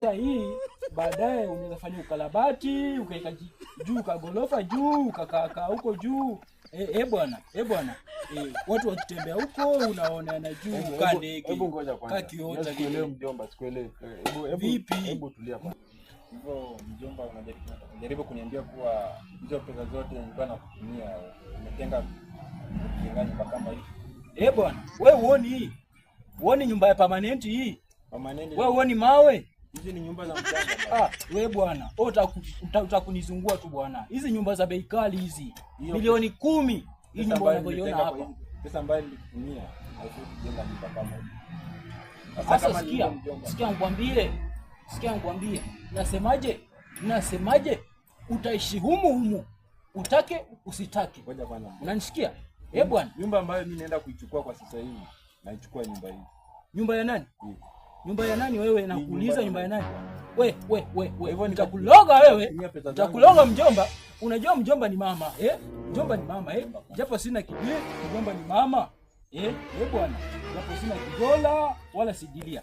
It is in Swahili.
Sasa hii baadaye unaweza fanya ukarabati, ukaika juu kagorofa juu, ukakaa huko juu. Eh, eh bwana, eh bwana. Eh, watu wakitembea huko unaona na juu ukande hiki. Hebu ngoja kwanza. yote ni leo mjomba, sikuelewi. Eh, hebu hebu hebu tulia kwanza. Hivyo mjomba, unajaribu kuniambia kuwa hizo pesa zote nilikuwa nakutumia umetenga kingani kwa kama hii. Eh bwana, wewe uoni hii? Uoni nyumba ya permanent hii? Permanent. Wewe uoni mawe? Hizi ni nyumba za mjanja. Ah, wewe bwana, wewe utakunizungua tu bwana. Hizi nyumba za bei kali hizi milioni kumi. Hii nyumba unavyoiona hapa. Pesa ambayo nilitumia haikujenga nyumba kama hii. Sasa sikia, sikia nikwambie. Sikia nikwambie. Nasemaje? Nasemaje? Utaishi humu humu. Utake usitake. Ngoja bwana. Unanisikia? Eh bwana. Nyumba ambayo mimi naenda kuichukua kwa sasa hivi. Naichukua nyumba hii. Nyumba ya nani? Hii. Nyumba ya nani wewe? Nakuuliza nyumba ya nani? We, we, we, we. Nitakuloga wewe, nitakuloga mjomba. Unajua mjomba ni mama eh? Mjomba ni mama eh? Japo sina kidole, mjomba ni mama eh? Eh bwana, japo sina kidola wala sidilia.